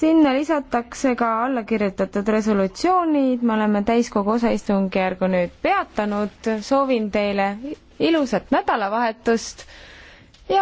sinna lisatakse ka allakirjutatud resolutsioonid, me oleme täiskogu osaistungjärgu nüüd peatanud, soovin teile ilusat nädalavahetust